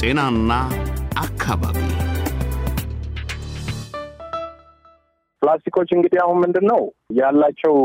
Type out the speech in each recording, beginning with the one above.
ጤናና አካባቢ ፕላስቲኮች እንግዲህ አሁን ምንድን ነው ያላቸው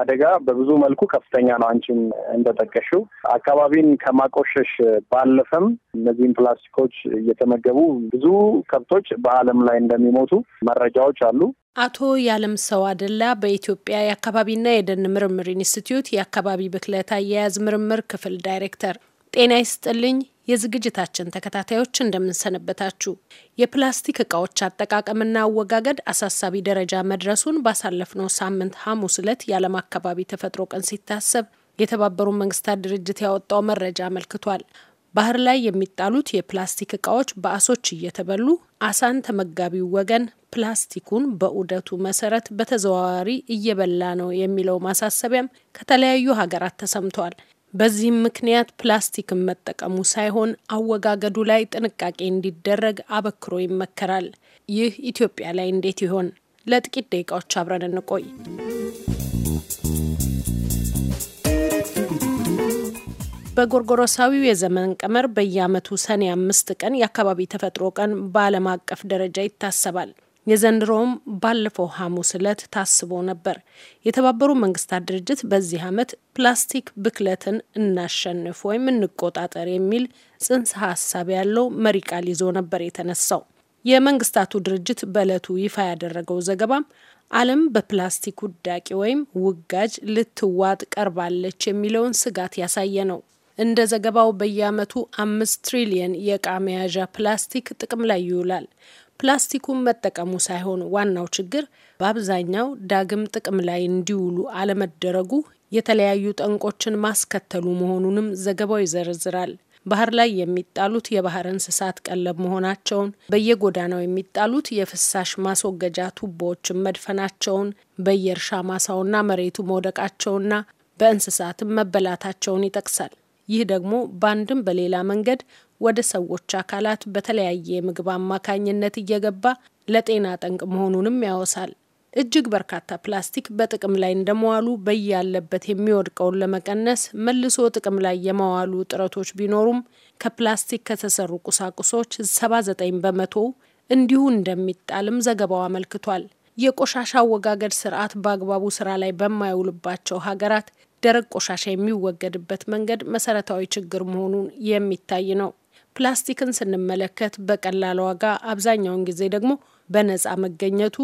አደጋ በብዙ መልኩ ከፍተኛ ነው። አንቺም እንደጠቀሽው አካባቢን ከማቆሸሽ ባለፈም እነዚህም ፕላስቲኮች እየተመገቡ ብዙ ከብቶች በአለም ላይ እንደሚሞቱ መረጃዎች አሉ። አቶ ያለም ሰው አደላ በኢትዮጵያ የአካባቢና የደን ምርምር ኢንስቲትዩት የአካባቢ ብክለት አያያዝ ምርምር ክፍል ዳይሬክተር። ጤና ይስጥልኝ የዝግጅታችን ተከታታዮች እንደምንሰነበታችሁ። የፕላስቲክ እቃዎች አጠቃቀምና አወጋገድ አሳሳቢ ደረጃ መድረሱን ባሳለፍነው ሳምንት ሐሙስ ዕለት የዓለም አካባቢ ተፈጥሮ ቀን ሲታሰብ የተባበሩት መንግስታት ድርጅት ያወጣው መረጃ አመልክቷል። ባህር ላይ የሚጣሉት የፕላስቲክ እቃዎች በአሶች እየተበሉ አሳን ተመጋቢው ወገን ፕላስቲኩን በዑደቱ መሰረት በተዘዋዋሪ እየበላ ነው የሚለው ማሳሰቢያም ከተለያዩ ሀገራት ተሰምቷል። በዚህም ምክንያት ፕላስቲክን መጠቀሙ ሳይሆን አወጋገዱ ላይ ጥንቃቄ እንዲደረግ አበክሮ ይመከራል። ይህ ኢትዮጵያ ላይ እንዴት ይሆን? ለጥቂት ደቂቃዎች አብረን እንቆይ። በጎርጎሮሳዊው የዘመን ቀመር በየአመቱ ሰኔ አምስት ቀን የአካባቢ ተፈጥሮ ቀን በዓለም አቀፍ ደረጃ ይታሰባል። የዘንድሮውም ባለፈው ሐሙስ ዕለት ታስቦ ነበር። የተባበሩ መንግስታት ድርጅት በዚህ ዓመት ፕላስቲክ ብክለትን እናሸንፍ ወይም እንቆጣጠር የሚል ጽንሰ ሀሳብ ያለው መሪ ቃል ይዞ ነበር የተነሳው። የመንግስታቱ ድርጅት በዕለቱ ይፋ ያደረገው ዘገባም ዓለም በፕላስቲክ ውዳቂ ወይም ውጋጅ ልትዋጥ ቀርባለች የሚለውን ስጋት ያሳየ ነው። እንደ ዘገባው በየዓመቱ አምስት ትሪሊየን የእቃ መያዣ ፕላስቲክ ጥቅም ላይ ይውላል። ፕላስቲኩን መጠቀሙ ሳይሆን ዋናው ችግር በአብዛኛው ዳግም ጥቅም ላይ እንዲውሉ አለመደረጉ የተለያዩ ጠንቆችን ማስከተሉ መሆኑንም ዘገባው ይዘረዝራል። ባህር ላይ የሚጣሉት የባህር እንስሳት ቀለብ መሆናቸውን፣ በየጎዳናው የሚጣሉት የፍሳሽ ማስወገጃ ቱቦዎችን መድፈናቸውን፣ በየእርሻ ማሳውና መሬቱ መውደቃቸውና በእንስሳትም መበላታቸውን ይጠቅሳል። ይህ ደግሞ በአንድም በሌላ መንገድ ወደ ሰዎች አካላት በተለያየ ምግብ አማካኝነት እየገባ ለጤና ጠንቅ መሆኑንም ያወሳል። እጅግ በርካታ ፕላስቲክ በጥቅም ላይ እንደመዋሉ በያለበት የሚወድቀውን ለመቀነስ መልሶ ጥቅም ላይ የመዋሉ ጥረቶች ቢኖሩም ከፕላስቲክ ከተሰሩ ቁሳቁሶች 79 በመቶ እንዲሁ እንደሚጣልም ዘገባው አመልክቷል። የቆሻሻ አወጋገድ ስርዓት በአግባቡ ስራ ላይ በማይውልባቸው ሀገራት ደረቅ ቆሻሻ የሚወገድበት መንገድ መሰረታዊ ችግር መሆኑን የሚታይ ነው። ፕላስቲክን ስንመለከት በቀላል ዋጋ አብዛኛውን ጊዜ ደግሞ በነጻ መገኘቱ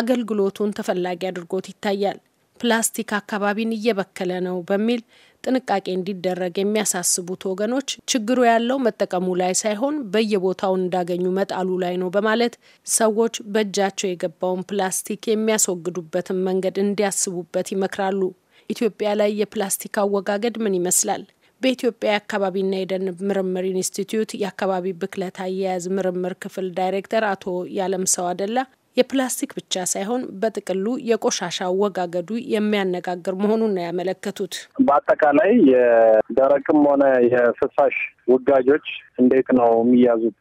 አገልግሎቱን ተፈላጊ አድርጎት ይታያል። ፕላስቲክ አካባቢን እየበከለ ነው በሚል ጥንቃቄ እንዲደረግ የሚያሳስቡት ወገኖች ችግሩ ያለው መጠቀሙ ላይ ሳይሆን በየቦታው እንዳገኙ መጣሉ ላይ ነው በማለት ሰዎች በእጃቸው የገባውን ፕላስቲክ የሚያስወግዱበትን መንገድ እንዲያስቡበት ይመክራሉ። ኢትዮጵያ ላይ የፕላስቲክ አወጋገድ ምን ይመስላል? በኢትዮጵያ የአካባቢና የደን ምርምር ኢንስቲትዩት የአካባቢ ብክለት አያያዝ ምርምር ክፍል ዳይሬክተር አቶ ያለምሰው አደላ የፕላስቲክ ብቻ ሳይሆን በጥቅሉ የቆሻሻ አወጋገዱ የሚያነጋግር መሆኑን ነው ያመለከቱት። በአጠቃላይ የደረቅም ሆነ የፍሳሽ ውጋጆች እንዴት ነው የሚያዙት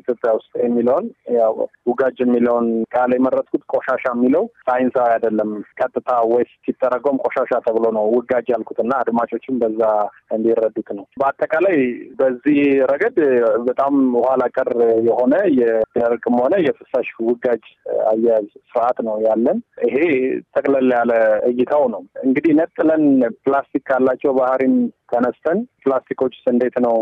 ኢትዮጵያ ውስጥ የሚለውን ያው ውጋጅ የሚለውን ቃል የመረጥኩት ቆሻሻ የሚለው ሳይንሳዊ አይደለም። ቀጥታ ወይስ ሲተረጎም ቆሻሻ ተብሎ ነው ውጋጅ እና አድማጮችም በዛ እንዲረዱት ነው። በአጠቃላይ በዚህ ረገድ በጣም ኋላ ቀር የሆነ የደረቅም ሆነ የፍሳሽ ውጋጅ አያያዝ ስርዓት ነው ያለን። ይሄ ጠቅለል ያለ እይታው ነው። እንግዲህ ነጥለን ፕላስቲክ ካላቸው ባህሪም ተነስተን ፕላስቲኮችስ እንዴት ነው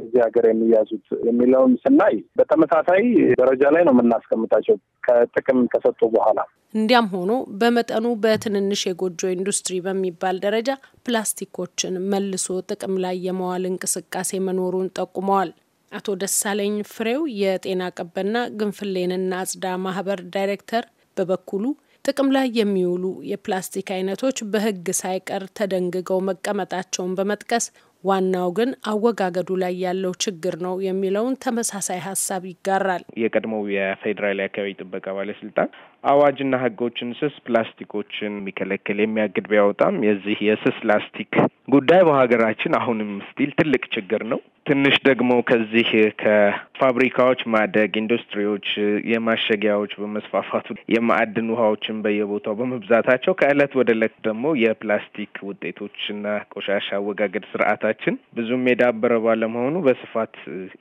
እዚህ ሀገር የሚያዙት የሚለውን ስናይ በተመሳሳይ ደረጃ ላይ ነው የምናስቀምጣቸው ከጥቅም ከሰጡ በኋላ። እንዲያም ሆኖ በመጠኑ በትንንሽ የጎጆ ኢንዱስትሪ በሚባል ደረጃ ፕላስቲኮችን መልሶ ጥቅም ላይ የመዋል እንቅስቃሴ መኖሩን ጠቁመዋል። አቶ ደሳለኝ ፍሬው የጤና ቀበና ግንፍሌንና አጽዳ ማህበር ዳይሬክተር በበኩሉ ጥቅም ላይ የሚውሉ የፕላስቲክ አይነቶች በሕግ ሳይቀር ተደንግገው መቀመጣቸውን በመጥቀስ ዋናው ግን አወጋገዱ ላይ ያለው ችግር ነው የሚለውን ተመሳሳይ ሀሳብ ይጋራል። የቀድሞው የፌዴራል አካባቢ ጥበቃ ባለስልጣን አዋጅና ህጎችን ስስ ፕላስቲኮችን የሚከለክል የሚያግድ ቢያወጣም የዚህ የስስ ላስቲክ ጉዳይ በሀገራችን አሁንም ስቲል ትልቅ ችግር ነው። ትንሽ ደግሞ ከዚህ ከፋብሪካዎች ማደግ ኢንዱስትሪዎች፣ የማሸጊያዎች በመስፋፋቱ የማዕድን ውሃዎችን በየቦታው በመብዛታቸው ከእለት ወደ እለት ደግሞ የፕላስቲክ ውጤቶችና ቆሻሻ አወጋገድ ስርአታ ሀገራችን ብዙም የዳበረ ባለመሆኑ በስፋት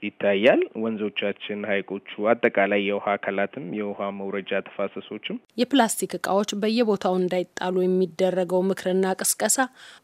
ይታያል። ወንዞቻችን፣ ሀይቆቹ አጠቃላይ የውሃ አካላትም የውሃ መውረጃ ተፋሰሶችም የፕላስቲክ እቃዎች በየቦታው እንዳይጣሉ የሚደረገው ምክርና ቅስቀሳ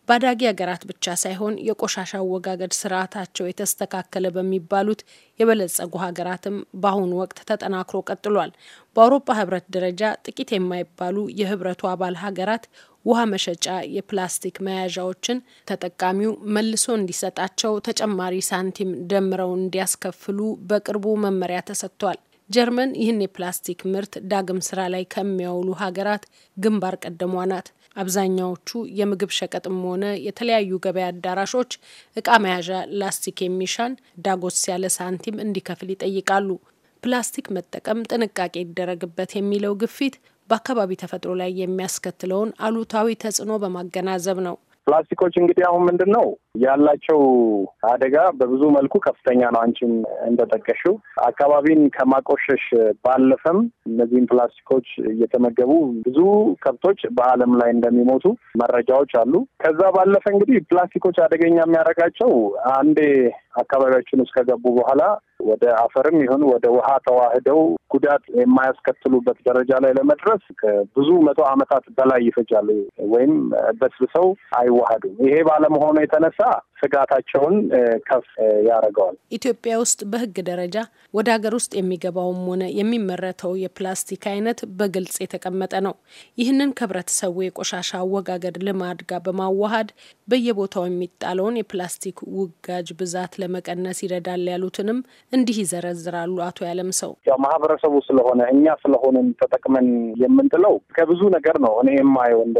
በአዳጊ ሀገራት ብቻ ሳይሆን የቆሻሻ አወጋገድ ስርዓታቸው የተስተካከለ በሚባሉት የበለጸጉ ሀገራትም በአሁኑ ወቅት ተጠናክሮ ቀጥሏል። በአውሮፓ ህብረት ደረጃ ጥቂት የማይባሉ የህብረቱ አባል ሀገራት ውሃ መሸጫ የፕላስቲክ መያዣዎችን ተጠቃሚው መልሶ እንዲሰጣቸው ተጨማሪ ሳንቲም ደምረው እንዲያስከፍሉ በቅርቡ መመሪያ ተሰጥቷል። ጀርመን ይህን የፕላስቲክ ምርት ዳግም ስራ ላይ ከሚያውሉ ሀገራት ግንባር ቀደሟ ናት። አብዛኛዎቹ የምግብ ሸቀጥም ሆነ የተለያዩ ገበያ አዳራሾች እቃ መያዣ ላስቲክ የሚሻን ዳጎስ ያለ ሳንቲም እንዲከፍል ይጠይቃሉ። ፕላስቲክ መጠቀም ጥንቃቄ ይደረግበት የሚለው ግፊት በአካባቢ ተፈጥሮ ላይ የሚያስከትለውን አሉታዊ ተጽዕኖ በማገናዘብ ነው። ፕላስቲኮች እንግዲህ አሁን ምንድን ነው ያላቸው አደጋ በብዙ መልኩ ከፍተኛ ነው። አንቺም እንደጠቀሽው አካባቢን ከማቆሸሽ ባለፈም እነዚህም ፕላስቲኮች እየተመገቡ ብዙ ከብቶች በዓለም ላይ እንደሚሞቱ መረጃዎች አሉ። ከዛ ባለፈ እንግዲህ ፕላስቲኮች አደገኛ የሚያደርጋቸው አንዴ አካባቢያችን ውስጥ ከገቡ በኋላ ወደ አፈርም ይሁን ወደ ውሃ ተዋህደው ጉዳት የማያስከትሉበት ደረጃ ላይ ለመድረስ ከብዙ መቶ ዓመታት በላይ ይፈጃሉ፣ ወይም በስብሰው አይዋሃዱም። ይሄ ባለመሆኑ የተነሳ up ስጋታቸውን ከፍ ያደርገዋል። ኢትዮጵያ ውስጥ በህግ ደረጃ ወደ ሀገር ውስጥ የሚገባውም ሆነ የሚመረተው የፕላስቲክ አይነት በግልጽ የተቀመጠ ነው። ይህንን ከህብረተሰቡ የቆሻሻ አወጋገድ ልማድ ጋር በማዋሃድ በየቦታው የሚጣለውን የፕላስቲክ ውጋጅ ብዛት ለመቀነስ ይረዳል ያሉትንም እንዲህ ይዘረዝራሉ። አቶ ያለም ሰው ያው ማህበረሰቡ ስለሆነ እኛ ስለሆንን ተጠቅመን የምንጥለው ከብዙ ነገር ነው። እኔ የማየው እንደ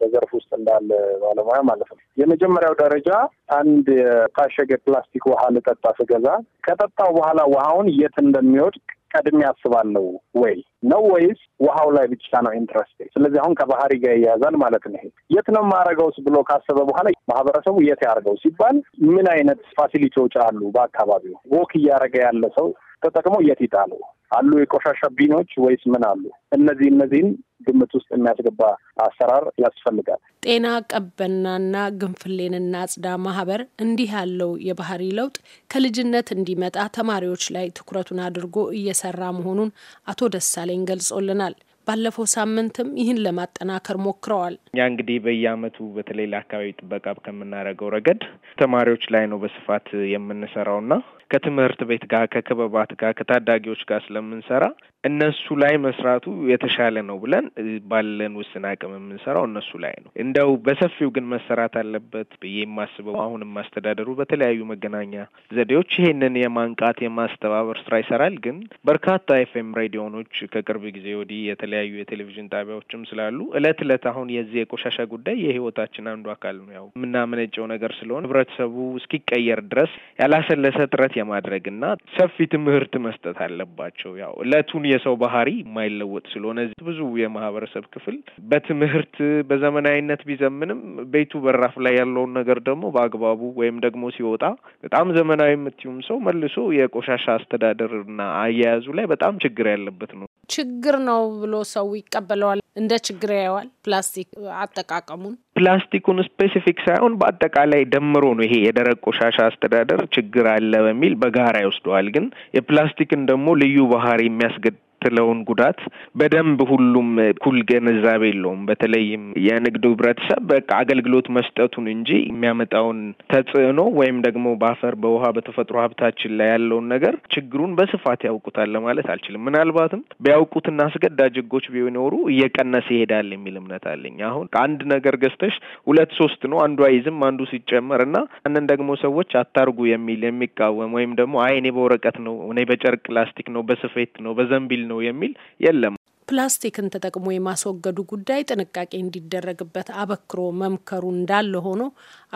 በዘርፍ ውስጥ እንዳለ ባለሙያ ማለት ነው የመጀመሪያው ደረጃ አንድ የታሸገ ፕላስቲክ ውሃ ልጠጣ ስገዛ ከጠጣው በኋላ ውሃውን የት እንደሚወድቅ ቀድሜ አስባለሁ ወይ ነው ወይስ ውሃው ላይ ብቻ ነው ኢንትረስት? ስለዚህ አሁን ከባህሪ ጋር ይያዛል ማለት ነው። የት ነው ማረገውስ ብሎ ካሰበ በኋላ ማህበረሰቡ የት ያደርገው ሲባል ምን አይነት ፋሲሊቲዎች አሉ በአካባቢው ወክ እያደረገ ያለ ሰው ተጠቅመው የት ይጣሉ? አሉ የቆሻሻ ቢኖች ወይስ ምን አሉ? እነዚህ እነዚህን ግምት ውስጥ የሚያስገባ አሰራር ያስፈልጋል። ጤና ቀበናና ግንፍሌንና አጽዳ ማህበር እንዲህ ያለው የባህሪ ለውጥ ከልጅነት እንዲመጣ ተማሪዎች ላይ ትኩረቱን አድርጎ እየሰራ መሆኑን አቶ ደሳለኝ ገልጾልናል። ባለፈው ሳምንትም ይህን ለማጠናከር ሞክረዋል። እኛ እንግዲህ በየአመቱ በተለይ ለአካባቢ ጥበቃ ከምናደርገው ረገድ ተማሪዎች ላይ ነው በስፋት የምንሰራውና ከትምህርት ቤት ጋር ከክበባት ጋር ከታዳጊዎች ጋር ስለምንሰራ እነሱ ላይ መስራቱ የተሻለ ነው ብለን ባለን ውስን አቅም የምንሰራው እነሱ ላይ ነው። እንደው በሰፊው ግን መሰራት አለበት ብዬ የማስበው አሁንም አስተዳደሩ በተለያዩ መገናኛ ዘዴዎች ይሄንን የማንቃት የማስተባበር ስራ ይሰራል። ግን በርካታ ኤፍኤም ሬዲዮኖች ከቅርብ ጊዜ ወዲህ የተለያዩ የቴሌቪዥን ጣቢያዎችም ስላሉ እለት እለት አሁን የዚህ የቆሻሻ ጉዳይ የህይወታችን አንዱ አካል ነው። ያው የምናመነጨው ነገር ስለሆነ ህብረተሰቡ እስኪቀየር ድረስ ያላሰለሰ ጥረት እና ሰፊ ትምህርት መስጠት አለባቸው። ያው እለቱን የሰው ባህሪ የማይለወጥ ስለሆነ ብዙ የማህበረሰብ ክፍል በትምህርት በዘመናዊነት ቢዘምንም ቤቱ በራፍ ላይ ያለውን ነገር ደግሞ በአግባቡ ወይም ደግሞ ሲወጣ በጣም ዘመናዊ የምትዩም ሰው መልሶ የቆሻሻ አስተዳደርና አያያዙ ላይ በጣም ችግር ያለበት ነው። ችግር ነው ብሎ ሰው ይቀበለዋል፣ እንደ ችግር ያየዋል። ፕላስቲክ አጠቃቀሙን ፕላስቲኩን ስፔሲፊክ ሳይሆን በአጠቃላይ ደምሮ ነው ይሄ የደረቅ ቆሻሻ አስተዳደር ችግር አለ በሚል በጋራ ይወስደዋል። ግን የፕላስቲክን ደግሞ ልዩ ባህሪ የሚያስገድ የሚያስከትለውን ጉዳት በደንብ ሁሉም እኩል ግንዛቤ የለውም። በተለይም የንግዱ ህብረተሰብ በቃ አገልግሎት መስጠቱን እንጂ የሚያመጣውን ተጽዕኖ ወይም ደግሞ በአፈር በውሃ በተፈጥሮ ሀብታችን ላይ ያለውን ነገር ችግሩን በስፋት ያውቁታል ለማለት አልችልም። ምናልባትም ቢያውቁትና አስገዳጅ ህጎች ቢኖሩ እየቀነሰ ይሄዳል የሚል እምነት አለኝ። አሁን ከአንድ ነገር ገዝተሽ ሁለት ሶስት ነው አንዱ አይዝም አንዱ ሲጨመር እና ያንን ደግሞ ሰዎች አታርጉ የሚል የሚቃወም ወይም ደግሞ አይ እኔ በወረቀት ነው እኔ በጨርቅ ላስቲክ ነው በስፌት ነው በዘንቢል ነው የሚል የለም። ፕላስቲክን ተጠቅሞ የማስወገዱ ጉዳይ ጥንቃቄ እንዲደረግበት አበክሮ መምከሩ እንዳለ ሆኖ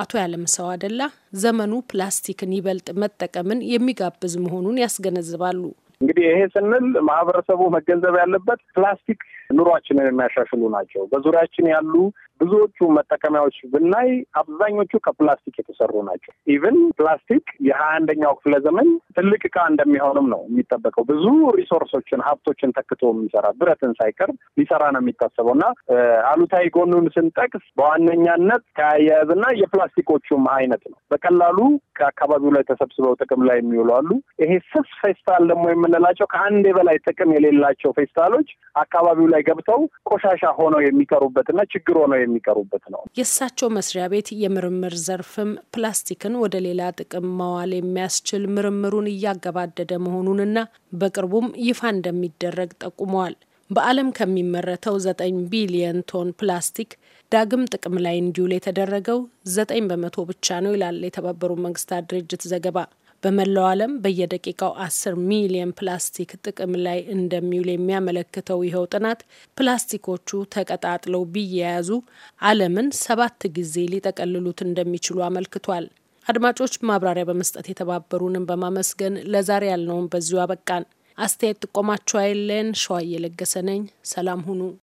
አቶ ሰው አደላ ዘመኑ ፕላስቲክን ይበልጥ መጠቀምን የሚጋብዝ መሆኑን ያስገነዝባሉ። እንግዲህ ይሄ ስንል ማህበረሰቡ መገንዘብ ያለበት ፕላስቲክ ኑሯችንን የሚያሻሽሉ ናቸው። በዙሪያችን ያሉ ብዙዎቹ መጠቀሚያዎች ብናይ አብዛኞቹ ከፕላስቲክ የተሰሩ ናቸው። ኢቭን ፕላስቲክ የሀያ አንደኛው ክፍለ ዘመን ትልቅ እቃ እንደሚሆንም ነው የሚጠበቀው። ብዙ ሪሶርሶችን ሀብቶችን ተክቶ የሚሰራ ብረትን ሳይቀርብ ሊሰራ ነው የሚታሰበው እና አሉታዊ ጎኑን ስንጠቅስ በዋነኛነት ከአያያዝና የፕላስቲኮቹም አይነት ነው። በቀላሉ ከአካባቢው ላይ ተሰብስበው ጥቅም ላይ የሚውሉ አሉ። ይሄ ስስ ፌስታል ደግሞ የምንላቸው ከአንዴ በላይ ጥቅም የሌላቸው ፌስታሎች አካባቢው ላይ ገብተው ቆሻሻ ሆነው የሚቀሩበትና ችግር ሆነው የሚቀሩበት ነው። የእሳቸው መስሪያ ቤት የምርምር ዘርፍም ፕላስቲክን ወደ ሌላ ጥቅም መዋል የሚያስችል ምርምሩን እያገባደደ መሆኑንና በቅርቡም ይፋ እንደሚደረግ ጠቁመዋል። በዓለም ከሚመረተው ዘጠኝ ቢሊየን ቶን ፕላስቲክ ዳግም ጥቅም ላይ እንዲውል የተደረገው ዘጠኝ በመቶ ብቻ ነው ይላል የተባበሩት መንግስታት ድርጅት ዘገባ። በመላው ዓለም በየደቂቃው አስር ሚሊየን ፕላስቲክ ጥቅም ላይ እንደሚውል የሚያመለክተው ይኸው ጥናት ፕላስቲኮቹ ተቀጣጥለው ቢያያዙ ዓለምን ሰባት ጊዜ ሊጠቀልሉት እንደሚችሉ አመልክቷል። አድማጮች፣ ማብራሪያ በመስጠት የተባበሩንን በማመስገን ለዛሬ ያልነውን በዚሁ አበቃን። አስተያየት ጥቆማችሁ አይለን ሸዋ እየለገሰ ነኝ። ሰላም ሁኑ።